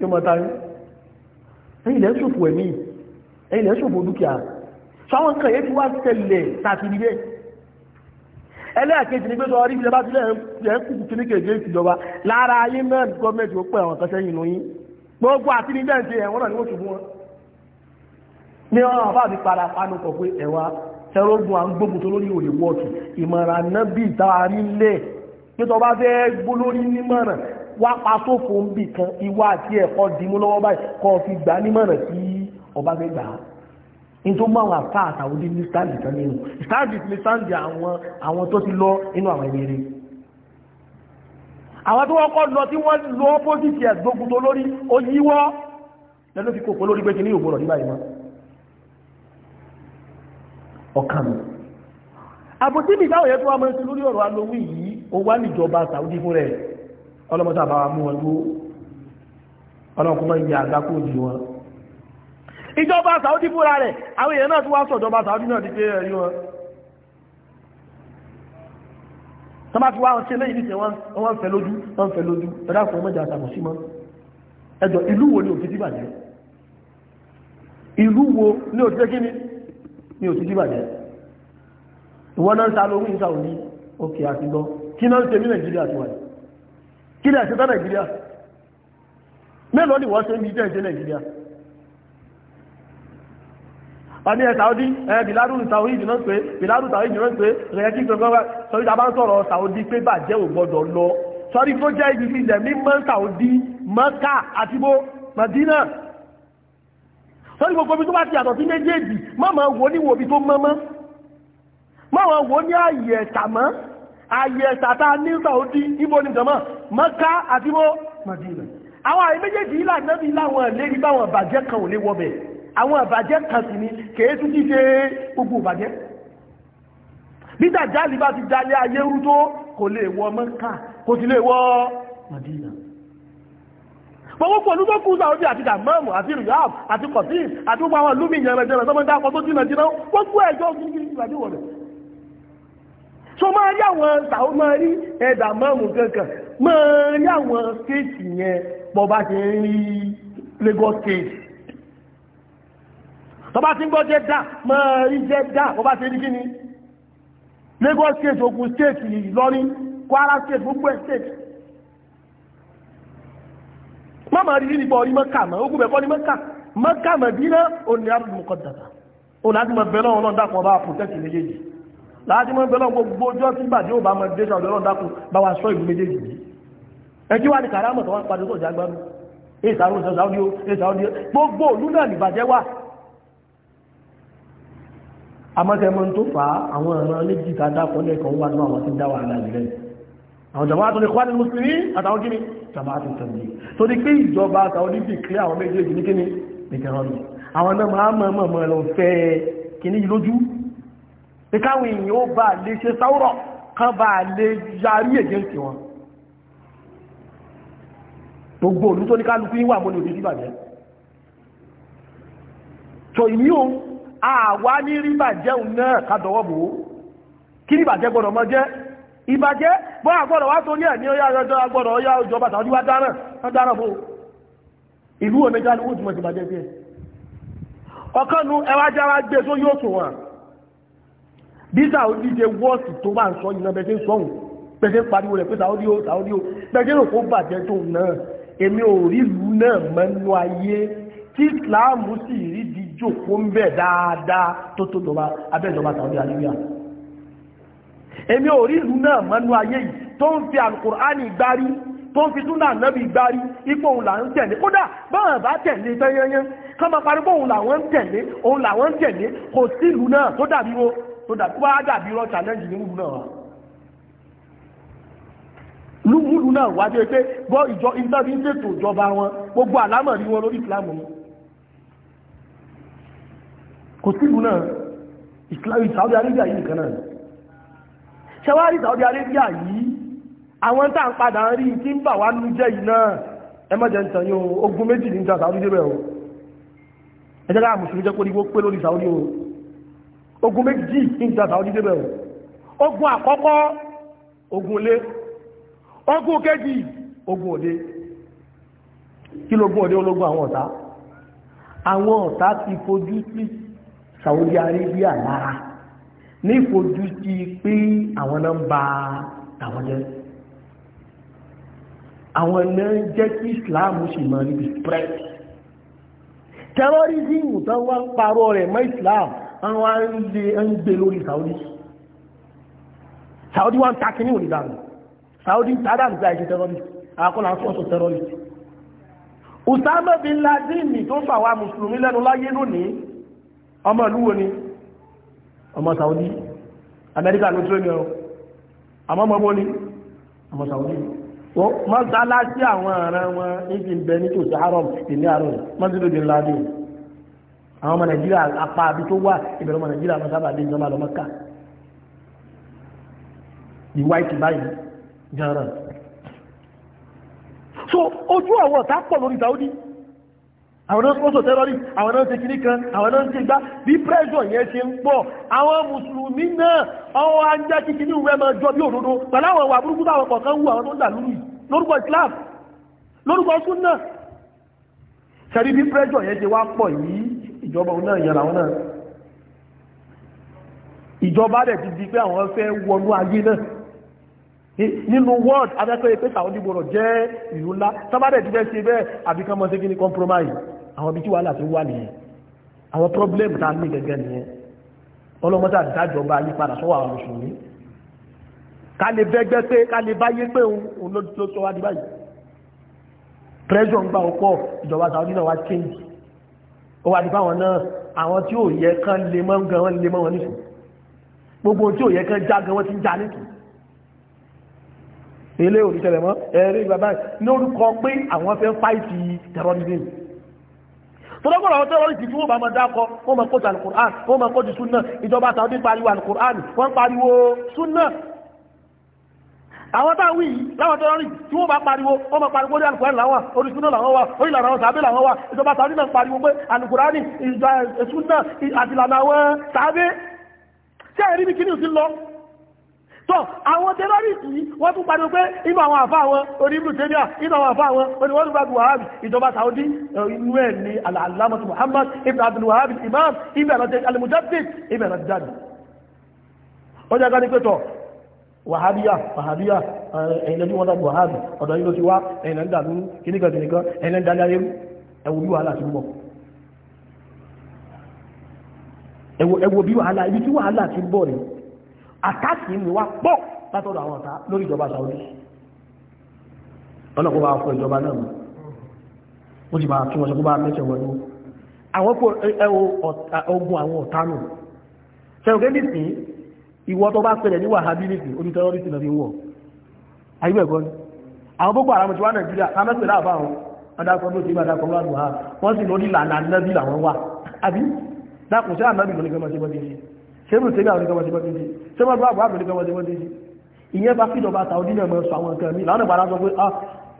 Speaker 1: yóò mọ̀ tayọ ẹ̀yìn lẹ́ ṣòfò ẹ̀mí ẹ̀yìn lẹ́ ṣòfò dúkìá sáwọn kan yẹ́ ti wá tẹ̀lẹ̀ tàbí níbẹ̀ ẹlẹ́ẹ̀kejì ní pé sọ rí ìjọba sílẹ̀ ẹ̀kùnkùn tí ní kèje ìjọba lára ayé náà gọ́ọ̀mẹ́ntì ó pẹ̀ àwọn kan sẹ́yìn lóyìn gbogbo àti ní bẹ́ẹ̀ ṣe ẹ̀wọ̀n náà ni wọ́n ṣubú wọn ní ọ̀rọ̀ àbá àti para panu pọ̀ pé ẹ̀wà ẹrógun à ń gbógun tó lórí òde wọ́ọ̀tù ìmọ̀ràn náà bí ìtawárí lẹ̀ pé tó bá fẹ́ gbó lórí nímọ̀ràn wá pa sófo ń bì kan ìwà àti ẹ̀kọ́ dìímú lọ́wọ́ báyìí kọ́ fi gbà nímọ̀ràn sí ọba fẹ́ gbà á nítorí mú àwọn àfáà àtàwọn ní sáàdì kan nínú sáàdì ní sáàdì àwọn àwọn tó ti lọ inú àwọn eléré àwọn tó wọ́n kọ́ lọ tí wọ́n lọ pósìtì ẹ̀gbógun tó lórí ó yíwọ́ lẹ́nu fi kòkó lórí pé kí ní ògbòrò ní báyìí mọ́ ọkàn mi àbòsíbì táwọn yẹn tó wá mọ́ sí ọlọ́mọ́ta bá wa mú wọn tó ọlọ́kùnmọ́ ìyà àgbákò jù wọn ìjọba Saudi fúra rẹ̀ àwọn èèyàn náà tó wá sọ̀jọba Saudi náà ti pé ẹ̀rí wọn tó bá ti wá ṣe lẹ́yìn ìdíṣẹ́ wọ́n fẹ́ lójú wọ́n fẹ́ lójú ẹ̀dá ni ò ni ò ti ni ò ti ti bàjẹ́ ìwọ náà ń sa lórí ìsà òní òkè àti gbọ́ kí náà ń ṣe ní Nàìjíríà ti wáyé kí lè ṣe tán nàìjíríà mélòó ni wọ́n ṣe ń bí jẹ́ ìṣe nàìjíríà wọ́n ní ẹ̀ saudi ẹ̀ bìlárùn saudi náà pé bìlárùn saudi náà pé rẹ̀ kí gbogbo wa sọ́rí ta bá saudi pé bàjẹ́ ò gbọ́dọ̀ lọ sọ́rí tó jẹ́ ibi sí saudi mọ́kà àti bó madina sọ́rí gbogbo bí tó bá ti yàtọ̀ sí méjèèjì má máa wò níwò ní ààyè ẹ̀ta mọ́ ayẹ tàtà ní Saudi ibo ní jọmọ́ Mẹ́kà àti bó Madina àwọn àyè méjèèjì ilà nẹ́bí láwọn ìlérí báwọn ìbàjẹ́ kan ò lè wọbẹ̀ àwọn ìbàjẹ́ kan sì ni kèé tún kíṣe gbogbo ìbàjẹ́ nígbà jáàlì bá ti jalè ayé rú tó kò lè wọ Mẹ́kà kò sì lè wọ Madina gbogbo pọ̀lú tó kú Saudi àti dàmọ́ọ̀mù àti riyab àti kọ̀tíìn àti gbogbo àwọn lúmìnira jẹ́rẹ̀ tó mọ́ dákọ̀ tó jìnà jìnà wọ́n kú ẹ̀jọ́ gbogbo ìgbàdíwọ̀lẹ̀ tó máa rí àwọn tàó máa rí ẹ̀dà mọ́mù kankan máa rí àwọn stéètì yẹn bọ́bá ti ń rí Lagos state tọba ti ń gbọ́ jẹ́ dá máa rí jẹ́ dá bọ́bá ti rí kíni Lagos state Ògùn state Ìlọrin Kwara state gbogbo ẹ̀ state mọ́mọ́ rí nípa orí mọ́kà mọ́ ogun bẹ̀kọ́ ní mọ́kà mọ́kà mọ́ bí náà ó ní àdúgbò kọ́ dàda ó ní àdúgbò bẹ̀rẹ̀ ọ̀nà dàpọ̀ bá protect méjèèjì láti mọ́ pẹ́lọ́ gbogbo ọjọ́ tí bàdé ò bá mọ́ dé sọ̀rọ̀ lọ́dọ̀ bá wa sọ ìlú méjèèjì yìí ẹ kí wá ní kàrámọ̀ tó wá ń padà tó jágbárù èsàrò ìsọ̀ sáwọ́dí ó èsàrò ní gbogbo òlú náà nìbàjẹ́ wà amọ́tẹ́mọ́ tó fà á àwọn ọ̀nà méjì tá dákọ̀ lẹ́kọ̀ọ́ wà ní àwọn tí ń dá wàhálà ìlẹ́ àwọn jàmáà tó lè kọ́ ní mùsùlùmí àtàwọn gíní jàmáà tó tẹ̀lé torí pé ìjọba àtàwọn olífì kílé àwọn méjèèjì ní kíní nìkẹ́rọ̀ ni àwọn náà máa mọ̀ mọ̀ lọ fẹ́ pé káwọn èèyàn ó bá lè ṣe sáwọ́rọ̀ kan bá lè yarí èdè sí wọn gbogbo òlú tó ní kálukú yíwà mọ́ ní òdí síbàjẹ́ so ìní òun àwa ní ríbàjẹ́ òun náà kádọwọ́ bò ó kí ríbàjẹ́ gbọ́dọ̀ mọ́ jẹ́ ìbàjẹ́ bọ́ àgbọ́dọ̀ wá torí ẹ̀ ní ọyá ọjọ́ agbọ́dọ̀ ọyá ọjọ́ bàtà ọdún wá dáràn ẹ̀ bí sàódì ṣe wọ́ọ̀sì tó bá ń sọ yìí náà bẹ́ẹ̀ ṣe ń sọ̀hún bẹ́ẹ̀ ṣe ń pariwo rẹ̀ pé sàódì ó sàódì ó bẹ́ẹ̀ ṣe rò kó bàjẹ́ tó náà èmi ò rí ìlú náà mẹ́nu ayé tí ìsìláàmù sì rí di jòkó ń bẹ̀ dáadáa tó tó jọba abẹ́jọba sàódì arábíà èmi ò rí ìlú náà mẹ́nu ayé yìí tó ń fi àlùkùránì gbárí tó ń fi súnà náàbì gbárí ipò òun là ń tẹ̀lé kódà báwọn bá tẹ̀lé tẹ́yẹnyẹ́ kọ́ máa parí pé òun làwọn ń tẹ̀lé òun làwọn ń tẹ̀lé kò sí ìlú náà tó dàbí wo tó dà tó bá dàbí rọ challenge ní lúwúlù náà lúwúlù náà wá dé pé gbọ́ ìjọ ìtọ́jú ń tètò ìjọba wọn gbogbo àlámọ̀ rí wọn lórí ìsìlámù ni kò sílùú náà ìsìlámù Saudi Arabia yìí nìkan náà ṣẹwárí Saudi Arabia yìí àwọn tá à ń padà rí tí ń bà wá nú jẹ́ yìí náà ẹ má jẹ́ ń tàn yín o ogun méjì ní ìjà Saudi débẹ̀ o ẹ jẹ́ jẹ́ kó ní pé lórí Saudi o ogun méjì níta Saudi débẹ̀ o ogun àkọ́kọ́ ogun ilé ogun kejì ogun òde kí lógún òde ológun àwọn ọ̀tá àwọn ọ̀tá ti fojú sí Saudi Arabia lára ní ìfojú sí pé àwọn náà ń ba àwọn jẹ́ àwọn náà jẹ́ kí Islam sì máa rí spread terrorism tó wá ń parọ́ rẹ̀ mọ́ Islam wọ́n wá ń lé ń gbé lórí Saudi Saudi wọ́n ń ta kíní òní dànù Saudi ń tàdà nígbà ìṣe terrorist àkọlà ń sọ́sọ̀ terrorist Usama bin Laden tó fà wá mùsùlùmí lẹ́nu láyé lónìí ọmọ ìlú wo ni ọmọ Saudi Amẹ́ríkà ló tó ní ọ àmọ́ ọmọ ní ọmọ Saudi wọ́n mọ́sálásí àwọn ọ̀ràn wọn ní ti bẹ ní tòsí haram ìní àrùn mọ́sílódé ńlá dé àwọn ọmọ nàìjíríà apá àbí tó wà ìbẹ̀rẹ̀ ọmọ nàìjíríà lọ sábà dé ìjọba lọ mọ́kà ìwà ìtì báyìí jẹ́rọ̀ so ojú àwọn ọ̀tá pọ̀ lórí Saudi àwọn náà kọ́sọ̀ tẹ́rọrí àwọn náà ṣe kìrí kan àwọn náà ṣe gbá bí pressure yẹn ṣe ń pọ̀ àwọn mùsùlùmí náà ọwọ́ ajá kìkì ní ìwẹ́ máa jọ bí òdodo pẹ̀lú àwọn ìwà burúkú táwọn kọ̀ọ̀kan wù àwọn tó ń dà lórí lórúkọ Islam lórúkọ súnà ṣẹ̀rí bí pressure yẹn ṣe wá pọ̀ yìí ìjọba òun náà yẹn làwọn náà ìjọba rẹ̀ ti di pé àwọn fẹ́ wọnú ayé náà nínú world adẹ́kọ̀ọ́ pé sàwọn dìbò rọ̀ jẹ́ ìlú ńlá sábàdẹ̀ ti fẹ́ ṣe bẹ́ẹ̀ àbíkan mọ́ sí kí ni compromise àwọn ibi tí wàhálà ti wà nìyẹn àwọn problem tá a ní gẹ́gẹ́ nìyẹn ọlọ́mọdé àdájọba yípadà sọ́wọ́ àwọn mùsùlùmí ká lè bẹ́gbẹ́ pé ká lè báyé pé òun ló tó wá di báyìí pressure ń gbà ó ìjọba sàwọn nínú wa change ó wá di fáwọn náà àwọn tí ò yẹ kán lè mọ́ gan wọ́n lè mọ́ wọn nìsín gbogbo tí ò yẹ kán já gan wọ́n ti ń já nìsín ilé ò ní ṣẹlẹ̀ mọ́ ẹ̀rí bàbá lórúkọ pé àwọn fẹ́ fáìtì terrorism tọ́lọ́gbọ́n àwọn tẹ́rọrìsì tí wọ́n bá máa dákọ wọ́n máa kọ́ta alukur'an wọ́n máa kọ́ta sunna ìjọba Saudi pariwo alukur'an wọ́n pariwo sunna àwọn tá wí láwọn tó rìn tí wọ́n bá pariwo wọ́n bá pariwo ní alùkùránì láwọn orísúná làwọn wà orí ìlànà àwọn sàábé làwọn wà ìjọba sàábé náà pariwo pé alùkùránì ìjọ ẹ̀sùnà eh, àti ìlànà àwọn sàábé tí a rí ní kíní sí lọ tọ́ àwọn tẹ́lọ́rìsì wọ́n tún pariwo pé inú àwọn àfá àwọn oníbù tẹ́lẹ̀ inú àwọn àfá àwọn oníwọ́n bá bu wàhábì ìjọba saudi eh, inú ẹ̀ ní alàlámọ́tù muhammad ibn abdul wahhab imam ibn alamujadid ibn alamujadid ọjọ́ gani wàhábíyà wàhábíyà eh, ẹ̀yìn lẹ́jú wọ́n dàgbò wàhábì ọ̀dọ̀ yìí ló ti wá ẹ̀yìn lẹ́ndà ní kìníkan kìníkan ẹ̀yìn lẹ́ndà láyé ẹwò bí wàhálà ti ń bọ̀ ẹwò bí wàhálà ibi tí wàhálà ti ń bọ̀ rẹ̀ àtàkì mi wá pọ̀ látọ̀dọ̀ àwọn ọ̀tá lórí ìjọba Saudi ọ̀nà kó bá fọ ìjọba náà mú ó sì máa tún wọn sọ kó bá mẹ́sẹ̀ wọn ní àwọn ogun àwọn ọ̀tá nù sẹ́wọ̀n ìwọ tó bá pẹ̀lẹ̀ ní wàhábílìtì onítọ́rọ́lìtì lọ fi wọ́ ayé ẹ̀kọ́ ni àwọn gbogbo àwọn ọmọdé wà nàìjíríà amẹ́pẹ̀lẹ̀ àbáwọn adákọ̀ ló ti bá adákọ̀ wà lọ́wọ́ wọ́n sì lórí lànà nẹ́bí làwọn wà àbí dákùn sí ànábì lórí gọmọ sí bọ́dé sí ṣé mú sẹ́bí àwọn gọmọ sí bọ́dé sí ṣé mọ́ bá àbúrò gọmọ sí bọ́dé sí ìyẹn bá fìdọ̀bà sàwọn dínà mọ́ sọ àwọn nǹkan mi láwọn ọ̀bàrà sọ pé ah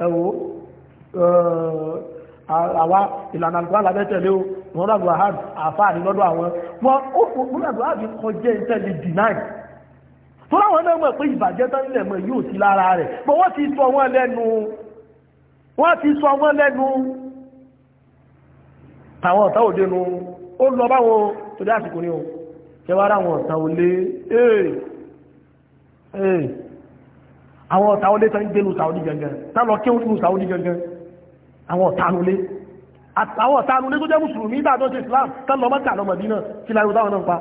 Speaker 1: ẹ̀wọ̀ àwa ìlànà àlùkò alábẹ́tẹ̀lé o wọn rà buhari àfáàní lọ́dọ̀ àwọn wọn ó fún buhari kọjá ìtẹ́lẹ̀ deny tó láwọn náà mọ̀ pé ìbàjẹ́ tán ilẹ̀ mọ̀ yóò sí lára rẹ̀ bọ́ wọ́n ti sọ wọ́n lẹ́nu wọ́n ti sọ wọ́n lẹ́nu àwọn ọ̀tá òde nu ó lọ báwọn tó dé àsìkò ní o kẹwàá àwọn ọ̀tá olé ee àwọn ọ̀tá olé tán gbénu sàódì gangan tán lọ kéwọ́n nínú sàódì gangan àwọn ọ̀tánulé àtàwọn ọ̀tánulé tó jẹ́ mùsùlùmí ìbàdó eh, ti islam tẹ́lọ mọ́ta lọ́mọ̀dí tí láyé dáwọn náà pa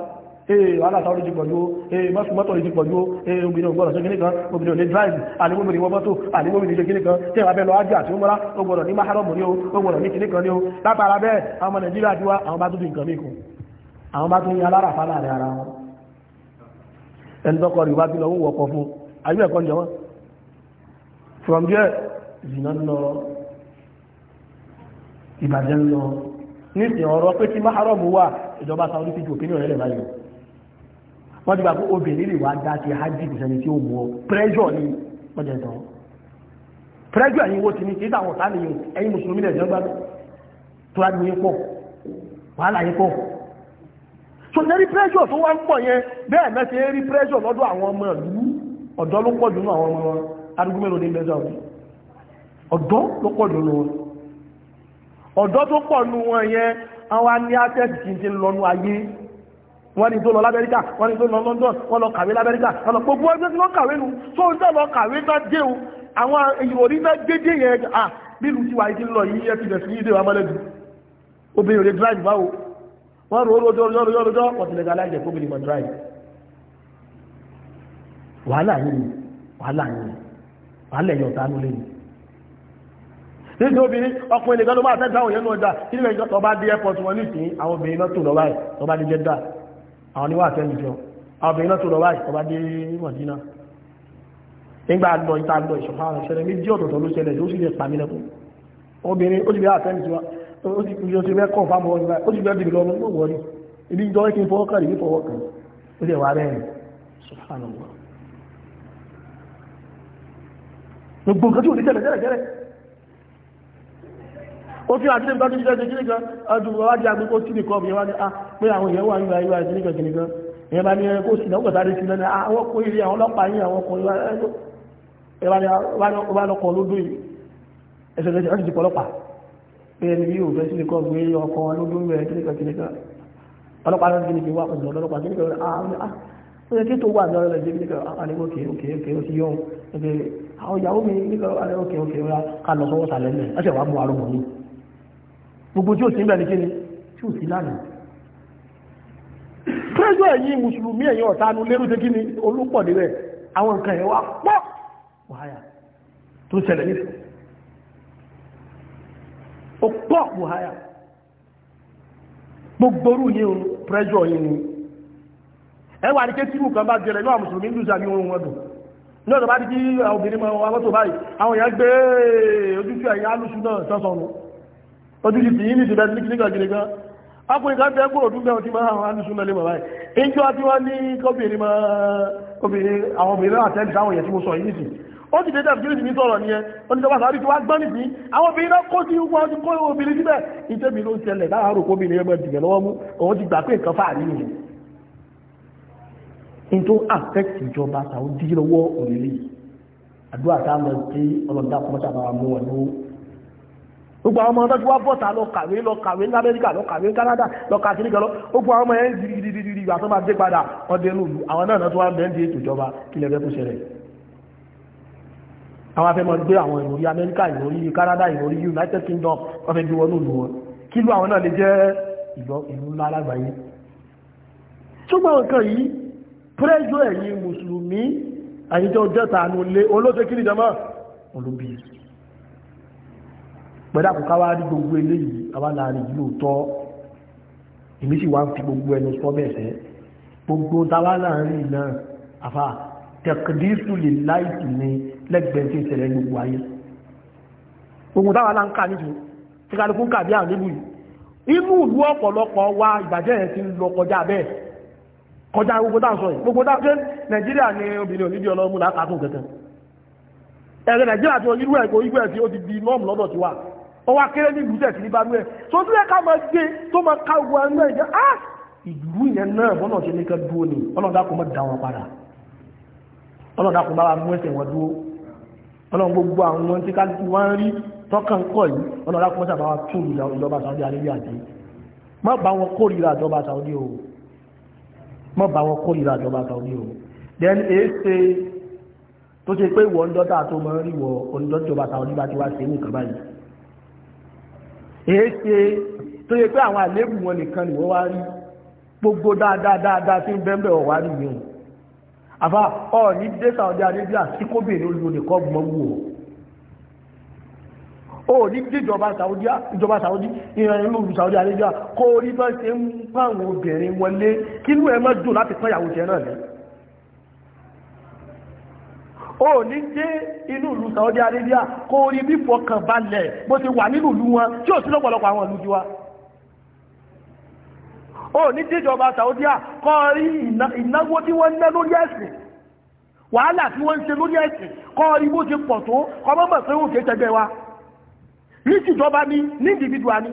Speaker 1: ee aláàtàwọn orí ti pọ̀jú ee mọ́sùmọ́tọ̀ orí ti pọ̀jú ee obìnrin ògbọ́dọ̀ sí kíní obìnrin olè drive àlewóbìnrin wọ́n mọ́tò àlewóbìnrin ṣe kíní tí ẹ̀wà bẹ́ẹ̀ lọ àti ọmọlá ògbọ́dọ̀ ní máhárọ̀mù ní o ní kíní ní o látara bẹ́ẹ̀ àwọn nàìjíríà ti wá àwọn bá tó di nǹkan mìíràn àwọn bá tó ń yára àfá láàrin ara wọn ẹni tọ́kọ rí wá bí lọ ń fún ayé ẹ̀kọ́ from there zina lọ ìbàjẹ́ ń lọ nísìnyí ọ̀rọ̀ pé tí máhárọ̀mù wà ìjọba Saudi fi ju òpínlẹ̀ ọ̀rẹ́lẹ̀ báyìí wọ́n ti gbà pé obìnrin lè wá dá sí hajj kò sẹ́ni tí ó mú ọ pressure ni wọ́n jẹ́ tán pressure yìí wo ti ní kí táwọn ọ̀tá nìyẹn ẹ̀yin mùsùlùmí lẹ̀ jẹ́ gbàgbé tó a nìyẹn pọ̀ wàhálà yẹn pọ̀ so sẹ́ni pressure tó wá ń pọ̀ yẹn bẹ́ẹ̀ mẹ́sẹ̀ rí pressure lọ́dọ̀ àwọn ọmọ ìlú ọ̀dọ́ ló pọ̀ jù àwọn ọmọ arúgbó mélòó ní ọ̀dọ́ tó pọ̀ nù wọn yẹn àwọn ní access kí n ti lọ́nu ayé wọ́n ní tó lọ lábẹ́ríkà wọ́n ní tó lọ London wọ́n lọ kàwé lábẹ́ríkà wọ́n lọ gbogbo ẹgbẹ́ tí wọ́n kàwé nù tó ń tẹ̀lọ kàwé náà dé o àwọn ìwòrí náà dédé yẹn à bílù tí wàá ti lọ yìí ẹ ti bẹ̀ sí ìdè wa mọ́lẹ́dù obìnrin rẹ̀ drive báwo wọ́n rò ó lójó lójó lójó lójó wọ́n ti lẹ́gà láìjẹ́ drive wàhálà yìí wàhálà yìí wàhálà ẹ̀yọ̀ tánú lẹ́yìn nítorí obìnrin ọkùnrin nìkan ló máa fẹ́ dáhùn yẹn ní ọjà kí nígbà ìjọ tọba dé airport wọn ní ìsìn àwọn obìnrin náà tó lọ báyìí tọba dé Jeddah àwọn oníwà àtẹ́lù jọ àwọn obìnrin náà tó lọ báyìí tọba dé Madina nígbà lọ ìta lọ ìṣọ̀fà àwọn ìṣẹ̀lẹ̀ méjì ọ̀tọ̀ọ̀tọ̀ ló ṣẹlẹ̀ ó sì lè pàmì lẹ́kùn obìnrin ó sì lè àtẹ́lù tiwa ó sì kú yọsí mẹ́kọ̀ fáwọn ọmọ ìgbà ó sì bẹ́ẹ̀ bìbìlọ ọmọ ìgbà wọlé ibi ìjọ kí n fọwọ́ kàn ní fọwọ́ kàn ó sì wà ó fi àti nǹkan tó ti jẹ́ ọdún wọ́n wá di agbègbè tí nìkan ọ̀bìnrin wá ní à ah, pé àwọn èèyàn wà nígbà ìwà ìdíníkan kíníkan èèyàn bá ní ẹranko sí náà gbọ̀dá rí sí lẹ́nu àwọn ọkọ̀ ilé àwọn ọlọ́pàá yìí àwọn ọkọ̀ ìwà lọ́kọ̀ lódò yìí ẹsẹ̀ lẹ́sẹ̀ láti gbogbo tí ó sì ń bẹ̀rẹ̀ kíni tí ó sì lánàá pẹ́jọ́ ẹ̀yìn mùsùlùmí ẹ̀yìn ọ̀tánú lérú tẹ́ kíni olúpọ̀ níbẹ̀ àwọn nǹkan ẹ̀wà pọ̀ wàhálà tó ṣẹlẹ̀ nífẹ̀ ó pọ̀ wàhálà gbogbo orú yìí ń pẹ́jọ́ yìí ni ẹwà ní ké tírù kan bá jẹrẹ náà mùsùlùmí ń lùsà ní ohun ọdún náà tó bá di kí obìnrin mọ àwọn tó báyìí àwọn èèyàn gbé ojúṣe ojúṣe tí yìí ní ti dájú kíníkà gírígá ápùn ìká tẹ́ gbòòdú mẹ́wọ̀n tí máa àwọn alùsùnlẹ̀ lè màbáyì ìjọ àti wá ní kọ́bìnrin máa àwọn obìnrin àti ẹ̀dì táwọn èèyàn tí mo sọ yìí sí ó ti dédé àbúrú ìsinmi sọ̀rọ̀ ní ẹ oníjọba sáré tí wá gbọ́n nìsí àwọn obìnrin náà kó sí wọn ti kó obìnrin síbẹ̀ ìtẹ́bi ló ń ṣẹlẹ̀ láàárò kóbìnrin ẹgbẹ́ jìgẹ̀ lọ́wọ́ mú òun ti gbà pé nǹkan fàárí nìyẹn in tó affect ìjọba Saudi lọ́wọ́ òrìlì àdúrà táwọn ti ọlọ́dà kọ́mọ́sà máa mú wọn lówó gbogbo àwọn ọmọ ọdọ́jú wá bọ́ta lọ kàwé lọ kàwé ní amẹ́ríkà lọ kàwé ní canada lọ kàwé nìkan lọ gbogbo àwọn ọmọ yẹn gidigidigidi ìgbà tó máa dé padà ọdẹ inú ìlú àwọn náà tó wá ń bẹ́ẹ̀ ń di ètò ìjọba kí lẹ́gbẹ́ kó ṣẹlẹ̀ àwọn afẹ́mọ̀ gbé àwọn ìròrí amẹ́ríkà ìròrí canada ìròrí united kingdom wọ́n fẹ́ gbé wọnú ìlú wọn kí ló àwọn náà lè jẹ́ ìlú ńlá lágbàáyé ṣùgbọ́n nǹkan yìí pẹ́jọ́ ẹ̀yin mùsùlùmí àyíjọ́ pẹ̀lú àkókò wá rí gbogbo eléyìí àwa láàrin yìí lóòótọ́ èmi sì wá ń fi gbogbo ẹnu sọ bẹ́ẹ̀ sẹ́ gbogbo táwa láàrin náà àfà tẹ̀kídísù lè láìsí ní lẹ́gbẹ̀ẹ́ tí ń ṣẹlẹ̀ gbogbo ayé ogun táwa náà ń kà nídìí tí kálukú ń kà bí àwọn nílùú yìí inú ìlú ọ̀pọ̀lọpọ̀ wa ìbàjẹ́ yẹn ti ń lọ kọjá bẹ́ẹ̀ kọjá gbogbo tá à ń sọ yìí gbogbo tá à ń sọ nàìjíríà ní obìnrin òní bí ọlọ́mú làákàtún kẹtẹ ẹ̀rẹ̀ nàìjíríà ti ọyírú ẹ̀kọ́ igbó ẹ̀ tí ó ti di nọ́ọ̀mù lọ́dọ̀ tiwa ó wá kéré ní ìlú tẹ̀sí ní bárú ẹ̀ tó tí lẹ́ka máa gbé tó máa ká ogun ẹnu ẹ̀ jẹ́ ah ìlú yẹn náà bọ́nà ṣe ní ká dúró ni ọlọ́dà kò má da wọn padà ọlọ́dà kò má mú ẹsẹ̀ wọn dúró ọlọ́dà gbogbo àwọn tí kálukú wọn rí tọ́kàn kọ̀ yìí ọlọ́dà kò má sábà wá tún o má bá wọn kórìíra ìjọba Saudi o then èé ṣe tó ṣe pé ìwọ ń dọ́ta tó máa ń rí ìwọ ń dọ́jọba Saudi bá ti wá ṣe èé ṣe tó yẹ pé àwọn àlébù wọn nìkan ni wọ́n wá rí gbogbo dáadáa dáadáa tí ń bẹ́ẹ̀ ọ̀wá rí yìí àbá ọ̀ ní dé Saudi Arabia sí kóbìnrin olùwò nìkan gbọ́n wù ọ́ ò ní ìjọba Saudi ìrìn ìlú Saudi Arabia kó orí bá ṣe ń pàwọn obìnrin wọlé kínú ẹ mọ́ dùn láti pán jẹ náà lẹ́yìn ó ní dé inú ìlú Saudi Arabia kó rí bí fọkàn balẹ̀ bó ti wà nínú ìlú wọn tí ó sí lọ́pọ̀lọpọ̀ àwọn ìlú jíwá ó ní déjọba Saudi kọ́ rí ìnáwó tí wọ́n ná lórí ẹ̀sìn wàhálà tí wọ́n ń ṣe lórí ẹ̀sìn kọ́ rí bó ti pọ̀ tó kọmọ́mọ̀ pé ó kéé wa ní tìjọba ní ní individual ní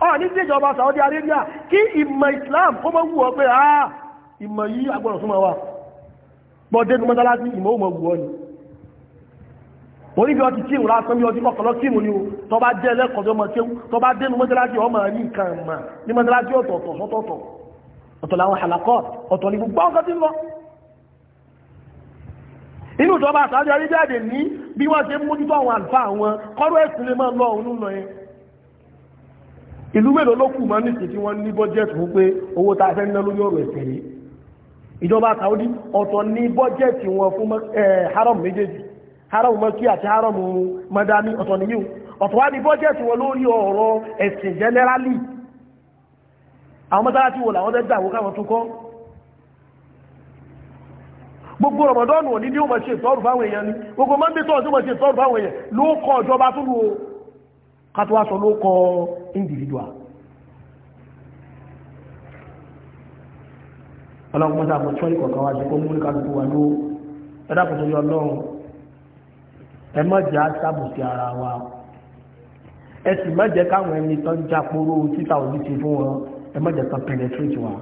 Speaker 1: ó ní déjọba Saudi Arabia kí ìmọ̀ Islam kó mọ́ wù ọ pé ah ìmọ̀ yìí agbọ̀rọ̀ súnmọ́ wa bọ́dé tó mọ́sálásí ìmọ̀ òmò wù ọ́ ni orí bí ọtí tíìmù lásán bí ọtí kọ̀kọ̀lọ́ tíìmù ni o tó bá jẹ́ ẹlẹ́kọ̀ọ́ tó mọ̀ tí tó bá dénú mọ́sálásí ọmọ ní nǹkan mà ní mọ́sálásí ọ̀tọ̀ọ̀tọ̀ sọ́tọ̀ọ̀tọ̀ ọ̀tọ̀ làwọn àlàkọ́ ọ̀tọ̀ ni gbogbo ọkọ̀ tí ń lọ inú ìjọba àtàjọ orílẹ̀-èdè ní bí wọ́n ṣe mójútó àwọn àlùfáà àwọn kọ́rọ̀ ẹ̀sìn lè máa ìjọba Saudi ọ̀tọ̀ ní bọ́jẹ̀tì wọn fún haram méjèèjì haram mọ́kí àti haram madani ọ̀tọ̀ nìyíw ọ̀tọ̀ wá ní bọ́jẹ̀tì wọn lórí ọ̀rọ̀ ẹ̀sìn generally àwọn mọ́tàlá tí wọ́n làwọn tẹ́jà àwọn káwọn tún kọ́ gbogbo Ramadan òní ní ó mọ̀ ṣe ìtọ́rù fáwọn èèyàn ni gbogbo Monday tó ọdún mọ̀ ṣe ìtọ́rù fáwọn èèyàn ló kọ ìjọba tó individual ọlọ́run mọ́ta àpò tí wọ́n ikọ̀ kan wá sí kó mú ní kálukú wa ló ẹ̀dá yọ ọlọ́run ẹ má jẹ́ àṣàbùsí ara wa ẹ sì má jẹ́ káwọn ẹni tó ń jáporó títà òbí ti fún wọn ẹ má jẹ́ kan penetrate wa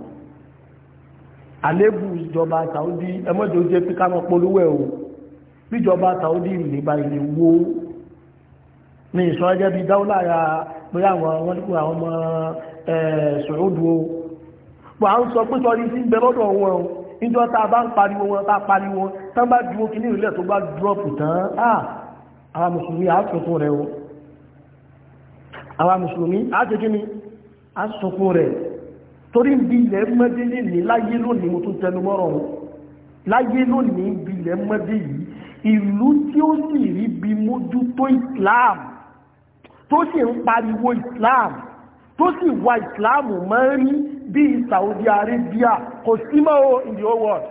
Speaker 1: àlébù ìjọba Saudi ẹ má jẹ́ ó jẹ́ pé ká mọ́ polówó ẹ̀ o bíjọba Saudi ìrìlẹ̀ bá ilé wó ní ìsọ̀rọ̀ ya pé àwọn wọn ní kó pọ̀ à ń sọ pé sọ́rí sí bẹ lọ́dọ̀ wọn o níjọ́ tá a bá ń pariwo wọn tá a pariwo tán bá dúró kí ní ìrìnlẹ̀ tó bá dúrọ́pù tán àwọn mùsùlùmí àásọ̀kún rẹ̀ o àwọn mùsùlùmí àásọ̀kún ni àásọ̀kún rẹ̀ torí ń bí ilẹ̀ mọ́dé ní láyé lónìí mo tún tẹnu mọ́rọ̀ wọn láyé lónìí bí ilẹ̀ mọ́dé yìí ìlú tó sì wà ìsìláàmù mẹ́rin bí i Saudi Arabia kò símọ́ o in the whole world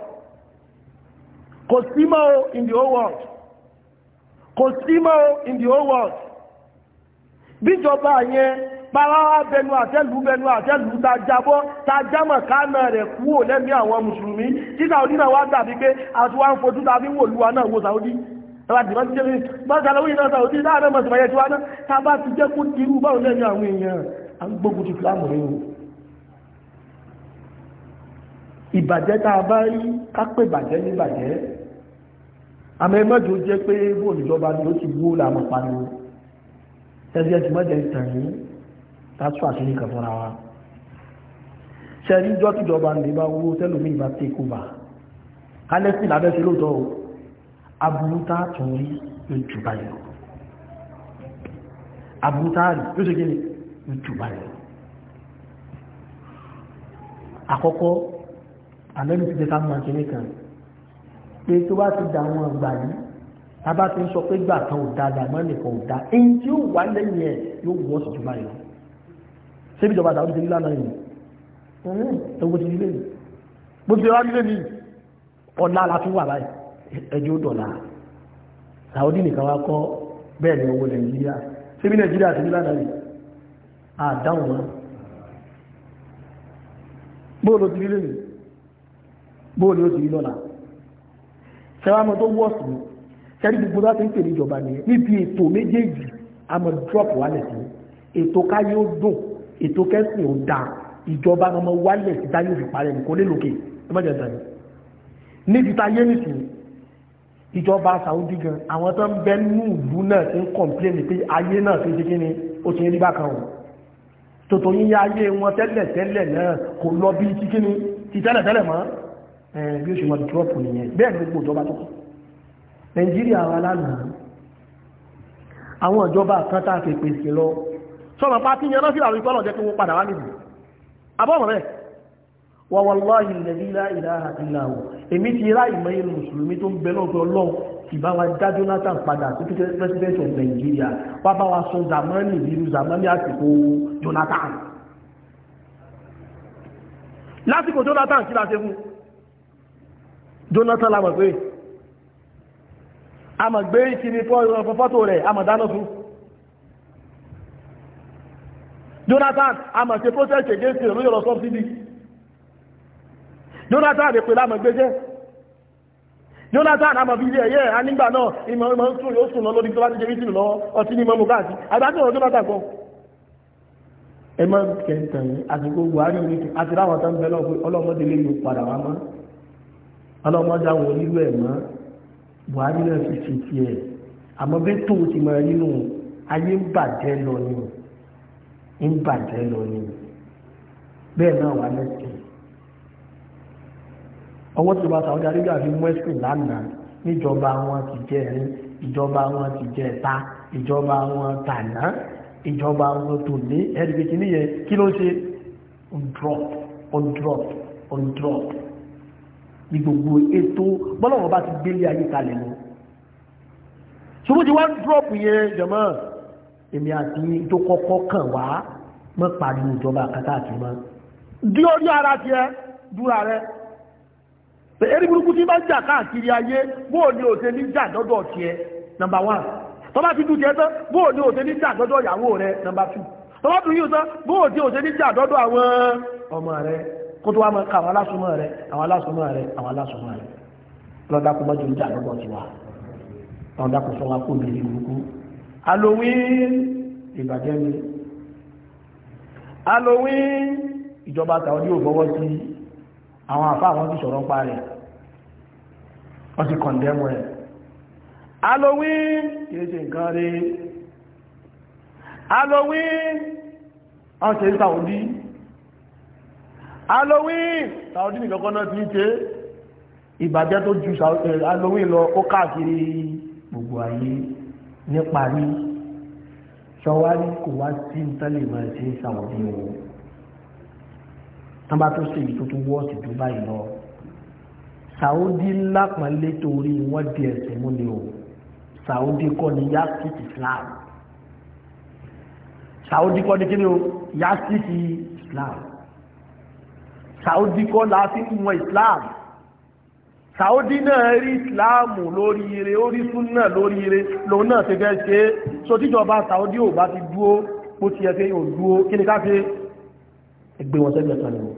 Speaker 1: kò símọ́ o in the whole world kò símọ́ o in the whole world bíjọba yẹn parawa bẹnu àtẹ́lù bẹnu àtẹ́lù ta jábọ́ ta jámọ̀ kánà rẹ̀ kúrò lẹ́mí àwọn mùsùlùmí tí Saudi náà wá dàbí pé àti wá ń fojú tàbí wò lúwa náà wo Saudi tàbá ti jẹ́ pé bá Saudi náà Saudi náà mọ̀ sí a ń gbógun ti Islam rẹ o ìbàjẹ́ tá a bá rí kápẹ́ ìbàjẹ́ ní ìbàjẹ́ àmọ́ ẹgbẹ́jọ jẹ́ pé bó ìjọba ni ó ti wó làmọ́ pariwo ẹgbẹ́ ti mọ́jẹ́ ìtàn yìí tásù àṣírí kan fúnra wa ṣẹ́rí jọ́ tíjọba ní bá wó tẹ́lómi ìbá tẹ́ kó bá kálẹ́sì lábẹ́sẹ̀ lóòótọ́ o aburúta tún rí lójú báyìí aburúta rí ló ṣe kí ni jù báyìí àkọ́kọ́ àmẹ́lù ti jẹ́ ká mọ̀ kí nìkan pé tó bá ti dà wọn gbà yìí tábà ti ń sọ pé gbà kan ò da dàgbọ́n nìkan ò da èyí tí ó wà lẹ́yìn ẹ̀ yóò wọ́ sí jù báyìí lọ ṣébi ìjọba àdáwọ̀ ti lánàá yìí ẹwọ́ ti rí lẹ́yìn bó ti rá rí lẹ́yìn ọ̀la la tún wà báyìí ẹjọ́ dọ̀la Saudi nìkan wá kọ́ bẹ́ẹ̀ ni owó Nàìjíríà ṣébi Nàìjíríà ti rí yìí àdáhùn wọn bóòlù ti rí lónìí bóòlù ó ti rí lọ́la sẹ́wàmọ́ tó wọ́ọ̀sì ni sẹ́rí gbogbo láti ń pèlè ìjọba nìyẹn níbi ètò méjèèjì àmọ́ drop wálẹ̀ sí ètò káyé ó dùn ètò kẹ́sìn ó dáa ìjọba ọmọ wálẹ̀ sí táyé òfin parẹ́ nìkan lè lókè ẹ má jẹ́ ìtàn níbi táyé nìsín ìjọba Saudi gan àwọn tó ń bẹ nínú ìlú náà ti ń kọ̀ǹpléènì pé ayé náà ti ṣe kí ni ó ti ń rí bákan ọ̀hún tòtò yín ya ayé wọn tẹ́lẹ̀tẹ́lẹ̀ náà kò lọ bí ti kí ni ti tẹ́lẹ̀tẹ́lẹ̀ mọ́ bí ó ṣe wọn dúrọ́pù nìyẹn bẹ́ẹ̀ ni gbogbo ìjọba tó kù nàìjíríà wa lánàá àwọn ìjọba kan tá a fi pèsè lọ sọ̀rọ̀ pa ti yan náà sí àwọn ìpọ́nlọ̀ jẹ́ wọ́n padà wá níbi abọ́ mọ̀ bẹ́ẹ̀ wa wallahi alladhi la ilaha illa hu èmi ti ra ìmọ̀ yẹn mùsùlùmí tó ń bẹ lọ́dọ̀ ọlọ́run ìbá wa dá Jonathan padà sí president of Nigeria wá bá wa sọ zamani ìlú zamani àsìkò Jonathan lásìkò Jonathan kí la fún Jonathan la pé a mọ̀ gbé ìkíni fọ́tò rẹ̀ a mọ̀ dáná fún Jonathan a mọ̀ ṣe protest against ìròyìn ọ̀rọ̀ sọ́fídì Jonathan lè pè lámọ̀ gbéjẹ́ Jonathan àmọ̀ bí ilé ẹ̀yẹ́ a nígbà náà ìmọ̀ ìmọ̀ tún yóò sùn lọ lórí tó bá ti jẹ́ mítìlù lọ ọtí ní mọ́mù káàkiri àgbájọ́ ọ̀rọ̀ Jonathan ẹ Buhari orí àti láwọn ọlọ́mọdé lè padà wá mọ́ ọlọ́mọdé àwọn ẹ̀ mọ́ Buhari náà fi tiẹ̀ àmọ́ tó ti nínú ayé ọwọ́ tí wọ́n sàwọ́dí arábíà fi mú ẹ̀sìn lánàá níjọba wọn ti jẹ́ ẹ̀rin ìjọba wọn ti jẹ́ ẹ̀ta ìjọba wọn tàná ìjọba wọn tó ní ẹ̀ẹ́dẹ̀gbẹ̀kì níyẹn kí ló ṣe ondrop ondrop ondrop ní gbogbo ètò bọ́lọ́wọ́ bá ti gbélé ayé kalẹ̀ lọ ṣùgbọ́n ti wá drop yẹn jọmọ́ èmi àti tó kọ́kọ́ kàn wá mọ́ pariwo ìjọba kátàkì mọ́ dí orí ara tiẹ̀ dúra rẹ̀ eré burúkú tí bá jà káàkiri ayé bóò ni òṣè ní jà dọ́dọ̀ tiẹ̀ number one tọ́ba ti dùn tiẹ̀ tán bóò ni òṣè ní jà dọ́dọ̀ ìyàwó rẹ number two tọ́ba tún yìí tán bóò ni òṣè ní jà dọ́dọ̀ àwọn ọmọ rẹ kó tó wá máa ka alásùnmọ́ rẹ àwọn alásùnmọ́ rẹ àwọn alásùnmọ́ rẹ lọ́dà kó mọ́jú àwọn àfa àwọn ti sọ̀rọ̀ pa rẹ̀ wọ́n ti kọ̀ndẹ́mù ẹ̀ Halloween kìí ṣe nǹkan rí Halloween wọ́n ṣe ń Saudi Halloween Saudi nìkọ́kọ́ náà ti ń ṣe ìbàjẹ́ tó ju eh, Halloween lọ ó káàkiri gbogbo ayé níparí ṣọwárí kò wá sí ń tẹ́lẹ̀ máa ṣe ń Saudi wọn tán bá tó ṣe èyí tó tún wọ́ọ̀sì tó báyìí lọ Saudi lápọ̀nlé torí wọ́n di ẹ̀sìn mú o Saudi kọ́ ni yasik Islam Saudi kọ́ ni kí ni o yasik Islam Saudi kọ́ la fi ń wọ Islam Saudi náà rí Islam lórí ire ó rí súnà lórí ire lòun náà ti fẹ́ ṣe é sotíjọba Saudi ò bá ti dúó bó ti yẹ fẹ́ yóò dúó kí ni ká fi ẹgbẹ́ wọn sẹ́gbẹ̀ẹ́ kan ni o.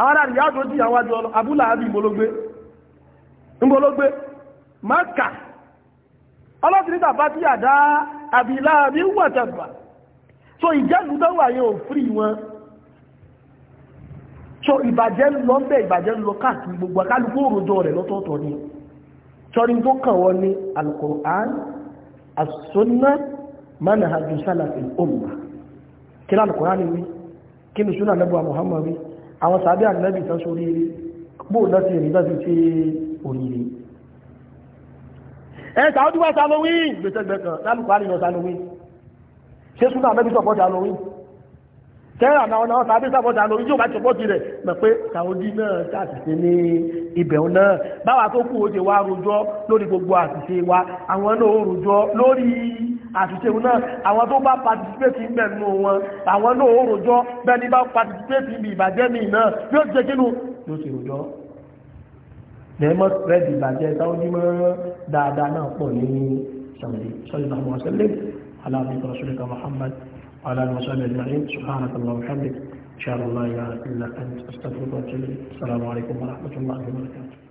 Speaker 1: àwọn àríyá ọjọ́ tí àwọn àjọ abúlà àbí ìgbòlógbé ìgbòlógbé maka ọlọ́sìnítà bá tí àdá àbílá àbí wàtàbà so ìjẹ́lú tó wà yẹn fúrí wọn so ìbàjẹ́ lọ bẹ́ ìbàjẹ́ lọ káàkiri gbogbo akálukú òròjọ rẹ̀ lọ́tọ̀ọ̀tọ̀ ni sọrí tó kàn wọ́n ní àwọn sàbí ànábì tán sórí rí bóò náà ti rìn náà ti ṣe òyìnbí ẹ sàódì wá Halloween gbẹ̀tẹ̀gbẹ̀ kan lálùkù àríyàn Halloween ṣé súnà ànábì sọ̀pọ̀ Halloween tẹ́rà náà náà sàbí sọ̀pọ̀ Halloween yóò bá ti pọ̀jù rẹ̀ mọ̀ pé sàódì náà ṣàṣìṣe ní ibẹ̀ náà báwa tó kù wa àwọn náà ó rojọ́ àtìṣeun náà àwọn tó bá participate ń bẹ̀ nínú wọn àwọn náà ó rojọ́ bá participate ibi ìbàjẹ́ mi náà yóò ṣe kínú yóò ṣe rojọ́ lẹ́mọ̀ spread ìbàjẹ́ sáwọ́dí mọ́ dáadáa náà pọ̀ ní sàmìlì sọ́jọ́ àwọn ọ̀sẹ̀lẹ̀ aláàbíkọ̀ rasulika Muhammad aláàbíkọ̀ sọ́jọ́ ìjọrin subhanaka Allahu wa bihamdik inshallah ya illa anta astaghfiruka wa alaikum wa rahmatullahi